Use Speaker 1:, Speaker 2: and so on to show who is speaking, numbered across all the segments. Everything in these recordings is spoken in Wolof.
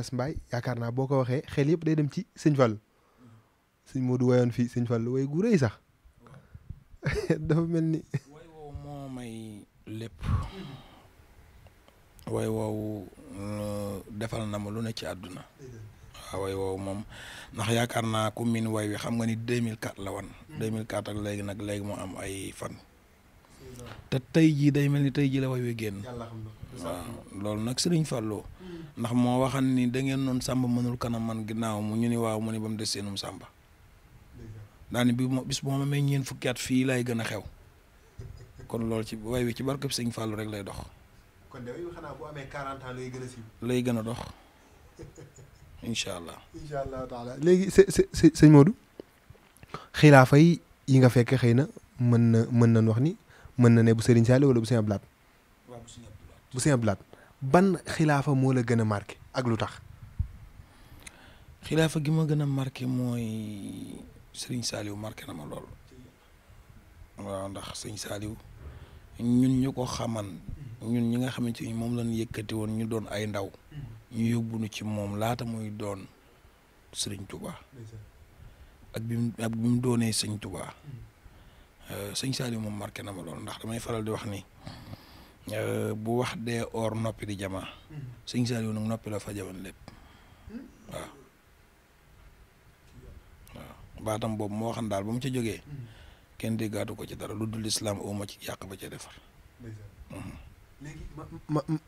Speaker 1: Galas Mbaye yaakaar naa boo ko waxee xel yëpp day dem ci sëñ Fall sëñ du wayoon fii sëñ Fall way gu rëy sax dafa mel ni. way
Speaker 2: woowu may lépp. way woowu euh, defal na ma lu ne ci àdduna. waaw way woowu moom ndax yaakaar naa ku min way wi xam nga ni 2004 la wan. 2004 ak léegi nag léegi moo am ay fan. te tey jii day mel ni tey jii la way wi génn. waaw nag Sëriñ Fallou. ndax moo waxan ni da ngeen noon sàmba mënul kanam man ginnaaw mu ñu ni waaw mu ne ba mu des seenum sàmba daani bi ma bis bu ma amee ñeen fukki at fii laay gën a xew kon loolu ci way wi ci barkeb sëñ Fallou rek lay dox.
Speaker 1: kon xanaa bu amee 40 ans lay gën a
Speaker 2: lay gën a dox incha allah. incha allah
Speaker 1: léegi së së sëñ Modou xilaafa yi yi nga fekk xëy na mën na mën nañ wax ni mën na ne bu Serigne Saliou wala bu Serigne Abdoul
Speaker 2: Ahad.
Speaker 1: bu Serigne ban xilaafa moo la gën a marqué ak lu tax.
Speaker 2: xilaafa gi ma gën a marqué mooy sëriñ Saliou marqué na ma lool waaw ndax sëñ Saliou ñun ñu ko xaman ñun ñi nga xamante ni moom lañ yëkkati woon ñu doon ay ndaw ñu yóbbu ci moom laata muy doon Serigne Touba ak bi mu doonee Serigne Touba euh, Serigne Saliou moom marqué na ma loolu ndax damay faral di wax nii Euh, bu wax dee or noppi di jamaa mm-hmm. sëñ Saliou nag noppi la fa jaman
Speaker 1: mm-hmm.
Speaker 2: waaw baatam boobu moo xam daal ba mu ci jógee mm-hmm. kenn déggaatu ko ci dara lu dul islaam uma ci yàq ba ca defar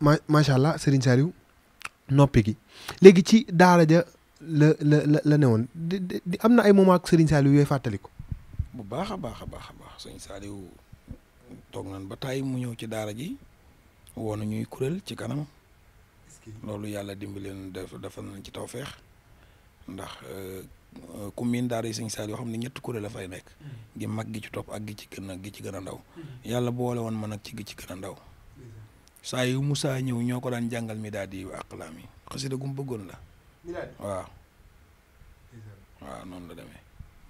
Speaker 1: ma macha allah Serigne Saliou noppi gi léegi ci daara ja la la la la ne woon di am na ay moment ak Serigne Saliou yooyu fàttali ko
Speaker 2: bu baax a baax a baax a baax Serigne Saliou toog nañ ba tàyyi mu ñëw ci daara ji woon ñuy kuréel ci kanam loolu yàlla dimbali leen def defal nañ ci taw feex ndax euh, ku miin daara yi sëñ Saal yoo xam ne ñetti kuréel la fay nekk mm-hmm. gi mag gi ci topp ak gi ci gën a gi ci gën a ndaw mm-hmm. yàlla boole woon man ak ci gi ci gën a ndaw saa yu musaa ñëw ñoo ko daan jàngal mi daal di àqlaam yi xasida mu bëggoon la waaw waaw noonu la demee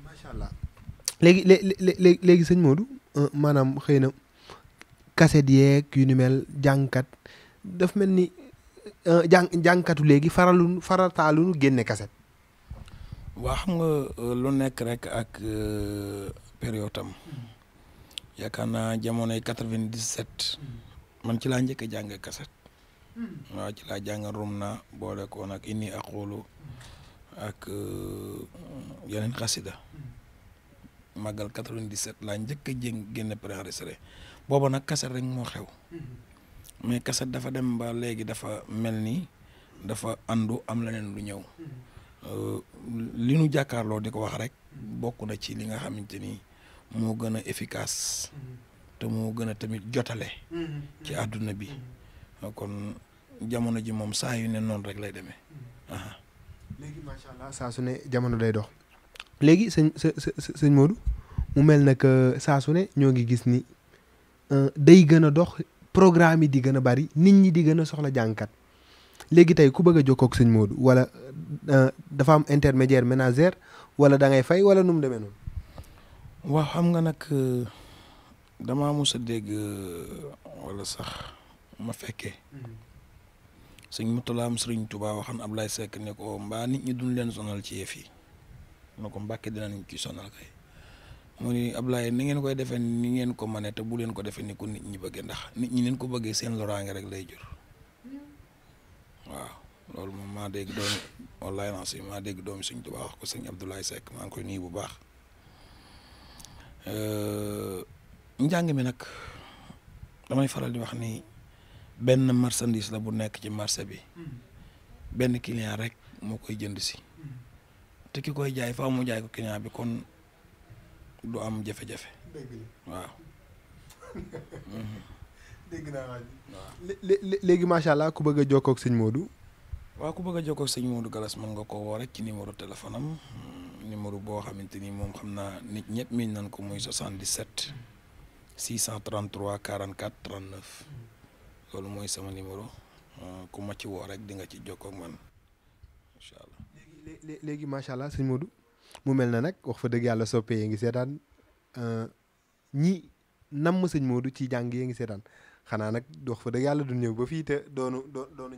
Speaker 2: macha allah
Speaker 1: léegi léegi sëñ Modou Euh, maanaam xëy na kaset yeeg yu ni mel jàngkat daf mel ni jàng euh, jàngkatu léegi faralun farataalunu génne kaset
Speaker 2: waa xam nga euh, lu nekk rek ak période tam yaakaar naa jamonoy quatre-vingt-dix-sept man ci laa njëkk a jàng kaset waaw ci laa jàng rum na boole koon ak inni aqulu ak yeneen xasida magal 97 la ñëk jëng jéng génn préenregistré booba nak cassette rek mo xew
Speaker 1: mhm.
Speaker 2: mais kaset dafa dem ba légui dafa melni dafa andu am lenen lu ñëw mhm. euh, li ñu jakarlo diko wax rek bokku na ci li nga xamanteni mo gëna efficace mhm. te mo gëna tamit jotalé ci aduna bi ah, kon jamono ji mom sa yu ne non rek lay démé aha
Speaker 1: légui machallah sa su ne jamono lay dox lagi sen sen Modou mu mel nak sa suné ñogi gis ni euh, day gën a dox programme di gëna bari nit ñi di jangkat lagi soxla jankat léegi tay ku bëgg a jokkoo ak sëñ Modou wala euh, dafa am intermédiaire ménagère wala da ngay fay wala num démé non wa
Speaker 2: xam nga nak euh, dama musa dégg wala sax ma fekkee. Mm-hmm. sëñ Moutalaam Sëriñ Tuubaa waxan ablay Seck ne ko mba nit ñi duñ leen sonal ci no ko mbacke dina ni ci sonal kay mu Ablaye ni ngeen koy defee ni ngeen ko mané te bu len ko defee ni ko nit ñi bëgg ndax nit ñi len ko bëgge seen lorang rek lay jur waaw lolou mo ma dégg doon wallahi na si ma dégg doomi seigne touba wax ko seigne Abdoulaye sek ma ngi koy nuyu bu baax njàng mi nak damay faral di wax ni ben marchandise la bu nekk ci marché bi hmm. ben client rek mo koy jënd si te ki koy jaay faaw mu jaay ko client bi kon du am jafe-jafe. dëgg la waaw. dégg naa waaw
Speaker 1: léegi macha allah ku bëgg a jokkoo ak sëñ Modou.
Speaker 2: waaw ku bëgg a jokkoo ak sëñ Modou Galas mën nga rek ci numéro téléphone am hmm, numéro naa nit ñëpp miin nañ ko muy 77 633 44 39 loolu mooy sama numéro hmm, ku ma ci woo rek di nga ci jokkoo ak man
Speaker 1: léegi macha allah sëñ Modou mu mel na nag wax fa dëgg yàlla soppe yee ngi seetaan euh, ñi namm sëñ Modou ci jàng yee ngi seetaan xanaa nag wax fa dëgg yàlla du ñëw ba fii te doonu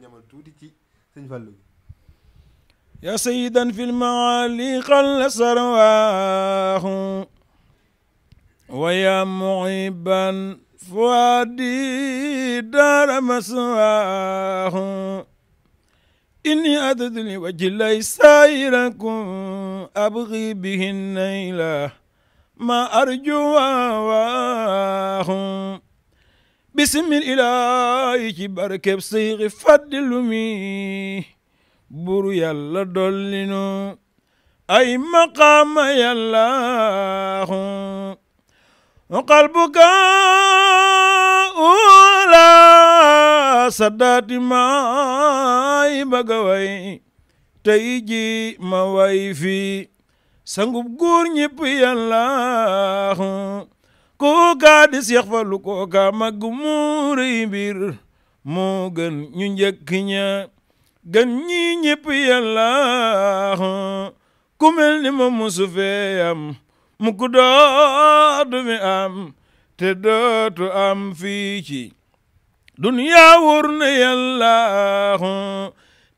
Speaker 1: ñamal tuuti ci sëñ Fallou bi
Speaker 3: ya sayidan fi lmaali xal sarwaahu wa ya muhiban fuadi dara maswaahu inni ataduni wajilay sayrakum abgi bihin nayla ma arjuwa waahum bismil ilaahi ci barkeb seyxi faddilu mi buru yàlla dollinu ay maqaama yàlla qalbuka saddaati maay bëgg a way tey ji ma way fii sangub góor ñëpp yàllaahu kookaa di seex fa lu kookaa mag mu rëy mbir moo gën ñu njëkk ña gën ñi ñëpp yàllaahu ku ni ma musu fee am mu ku dootu mi am te dootu am fii ci duniyaa wóor na yàlla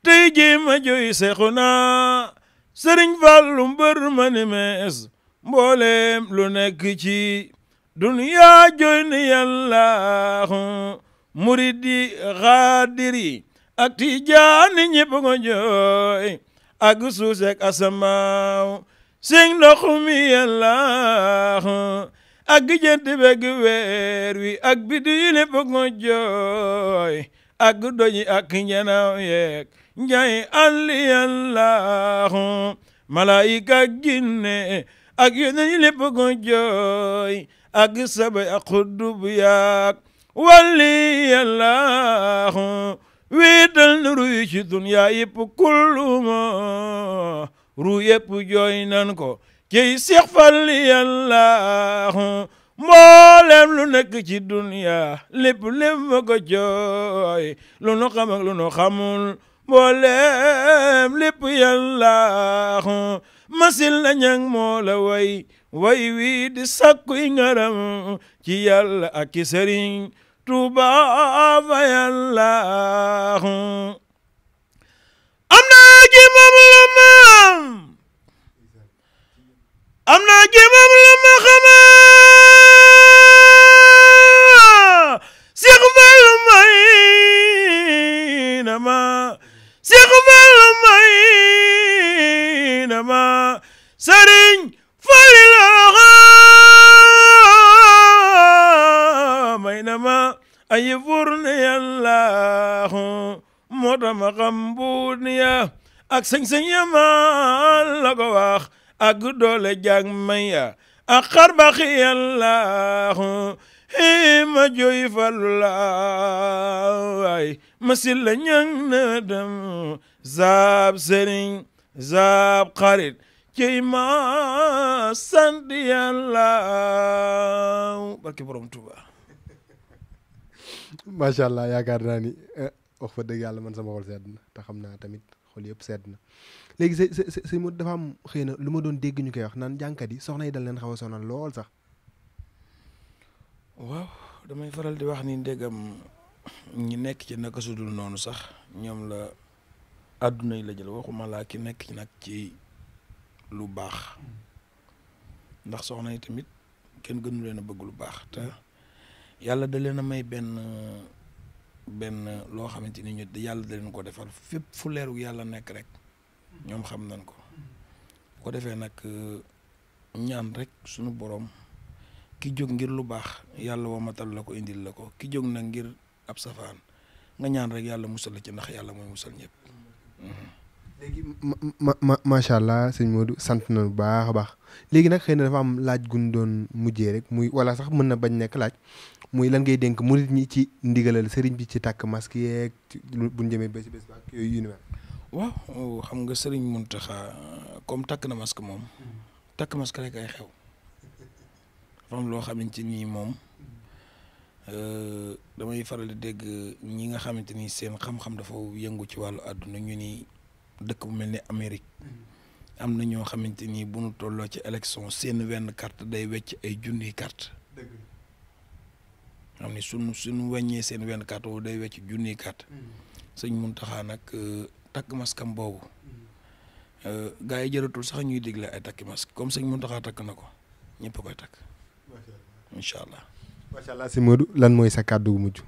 Speaker 3: tey ma jooy seexu naa sëriñ Fallu mbër ma ni mees mbooleem lu nekk ci duniyaa jooy na yàlla murid yi ak tijaani ñëpp ko jooy ak suus ak asamaaw sing ndox mi yàlla ak jënt beg weer wi ak biddi yi lépp ko jooy ak doji ak njanaaw yeeg njaay alli yàllaahu malaayika ak jinne ak yónneen yi lépp ko jooy ak sabay ak xuddub yaak walli yàllaahu wiital nu ruyu ci duniyaa yëpp kullu moo ru yëpp jooy nan ko cey Seex Fall yàlla mboolem lu nekk ci dunya lépp lépp ma ko jooy lu nu xam lu nu xamul mboolem lépp yàlla masil na ñang moo way way wi di sakku yi ngaram ci yàlla ak ki sëriñ Tuuba fa yàlla am na ci moom Mbàkke moom la ma xama Seex may na ma Seex Fallu may na ma Sëriñ Fallu may na ma ay furne Yàlla moo tax ma xam buut ya ak sañ-sañ ya ma la ko ak doole jàng maya ak xarbaxi yàllaahu ma joy falulaay masil la ñang na dem zaab sëriñ zaab xarit ciy ma sant yàlla barke borom Tuuba
Speaker 1: macha allah yaakaar naa ni eh, wax fa dëgg yàlla man sama xol sedd na te xam naa tamit xol yëpp sedd na léegi sa sa sëñ Modou dafa am xëy na lu ma doon dégg ñu koy wax naan jànkat yi soxna yi dal leen xaw a sonal lool sax
Speaker 2: waaw damay faral di wax ni ndégam ñi nekk ci naka sudul noonu sax ñoom la àdduna yi la jël waxuma laa ki nekk ci nag ci lu baax ndax soxna yi tamit kenn gënu leen a bëgg lu baax te yàlla da leen a may benn benn loo xamante ni ñu yàlla da leen ko defal fépp fu leeru yàlla nekk rek ñoom xam nañ ko bu ko defee nag euh, ñaan rek suñu borom ki jóg ngir lu baax yàlla wamatal la ko indil la ko ki jóg nag ngir ab safaan nga ñaan rek yàlla musal la ci ndax yàlla mooy musal ñëpp.
Speaker 1: léegi ma ma macha allah sëñ Modou sant na bu baax a baax léegi nag xëy na dafa am laaj gun doon mujjee rek muy wala sax mën na bañ nekk laaj muy lan ngay dénk murit ñi ci ndigalal sëriñ bi ci tàkk masque yeeg bu ñu jëmee bés
Speaker 2: bés ba ak yooyu yu waaw oh, xam nga sëriñ Mountakha comme takk na masque moom takk masque rek ay xew dafa loo loo xamante nii moom euh, damay faral di dégg ñi nga xamante ni seen xam-xam dafa yëngu ci wàllu àdduna ñu ni. dëkk bu mel ni Amérique am na ñoo xamante ni bu nu tolloo ci élection seen wenn carte day wecc ay junniy carte xam ni sunu suñu wàññee seen wenn carte woo day wecc junniy carte mm. sëñ Muntaxa nag euh, takk maskam boobu mm. euh, gars yi jëratul sax ñuy digle ay takki masque comme sëñ Muntaxa takk na ko ñëpp koy takk incha allah macha allah si
Speaker 1: lan mooy sa kàddu gu mujj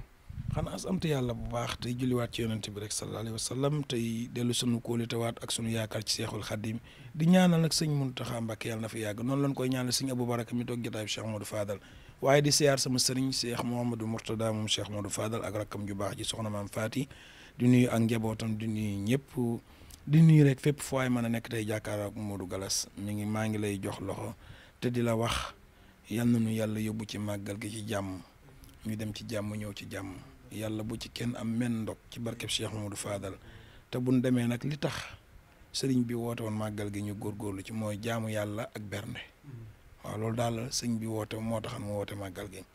Speaker 2: xanaa sant yàlla bu baax tey julliwaat ci yonant bi rek sallallahu alayhi wa sallam tey dellu sunu kóolitewaat ak sunu yaakaar ci seexul xaddim di ñaanal nag sëñ Muntaxa Mbàkke yàlla na fi yàgg noonu lañ koy ñaanal sëñ Abu Baraka mi toog jotaay bi Cheikh Modou Fadal waaye di siyaar sama sëriñ Cheikh Mouhamadou Mourtada seex Cheikh du faadal ak rakkam ju baax ji soxna maam Faati di nuyu ak njabootam di nuyu ñëpp di nuyu rek fépp fooy mën a nekk tey jàkkaar ak du Galas mi ngi maa ngi lay jox loxo te di la wax yal yàlla yóbbu ci màggal gi ci jàmm ñu dem ci jàmm ñëw ci jàmm yàlla bu ci kenn am men ndog ci barkeb Cheikh Mamadou Fadal te bu buñ demee nag li tax sëriñ bi woote woon màggal gi ñu góor góorlu ci mooy jaamu yàlla ak bernde mm. waaw loolu daal sëñ bi woote moo taxan mu woote màggal gi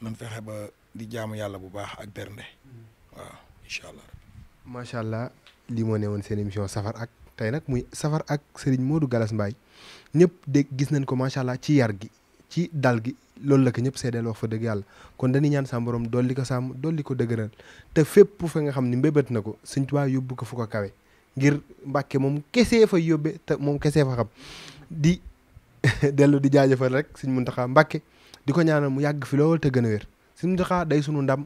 Speaker 2: man mm. fexe ba di jaamu yàlla bu baax ak bernde mm. waaw incha allah.
Speaker 1: macha allah li moo ne woon seen émission safar ak tey nag muy safar ak sëriñ Modou Gallass Mbaye ñëpp dégg gis nañ ko macha allah ci yar gi ci dal gi loolu la ko ñëpp seedeel wax fa dëgg yàlla kon dañuy ñaan sàmm borom dolli ko sàmm dolli ko dëgëral te fépp fa nga xam ni mbébét na ko Sëñ Tuubaa yóbbu ko fu ko kawe ngir Mbàkke moom kesee fa yóbbe te moom kese fa xam di dellu di jaajëfal rek Sëñ Muntaxa Mbàkke di ko ñaanal mu yàgg fi lool te gën a wér Sëñ day sunu ndam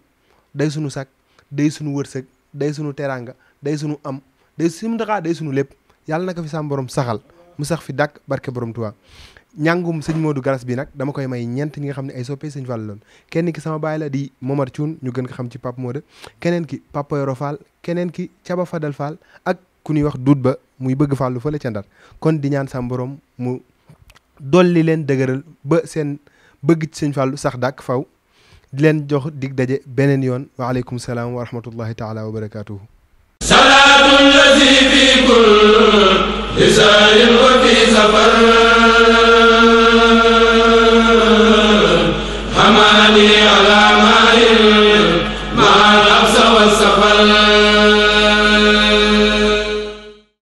Speaker 1: day sunu sakk day sunu wërsëg day sunu teraanga day sunu am day Sëñ day sunu lépp yàlla na ko fi sàmm borom saxal mu sax fi dàq barke borom Tuubaa ñàngum sëñ Modou Garas bi nag dama koy may ñeent ñi nga xam ne ay soppe sëñ Fall loon kenn ki sama baay la di Momar Thioune ñu gën ko xam ci Pape Modou keneen ki Pape Yoro Fall keneen ki Caba Fadal fal ak ku ñuy wax duut ba muy bëgg fàllu fële ca ndar kon di ñaan sam borom mu dolli leen dëgëral ba seen bëgg ci sëñ Fallu sax dàkk faw di leen jox dig daje beneen yoon waaleykum salaam wa rahmatullahi taala wa barakaatuhu salaatu lazi fi kul lisanin wa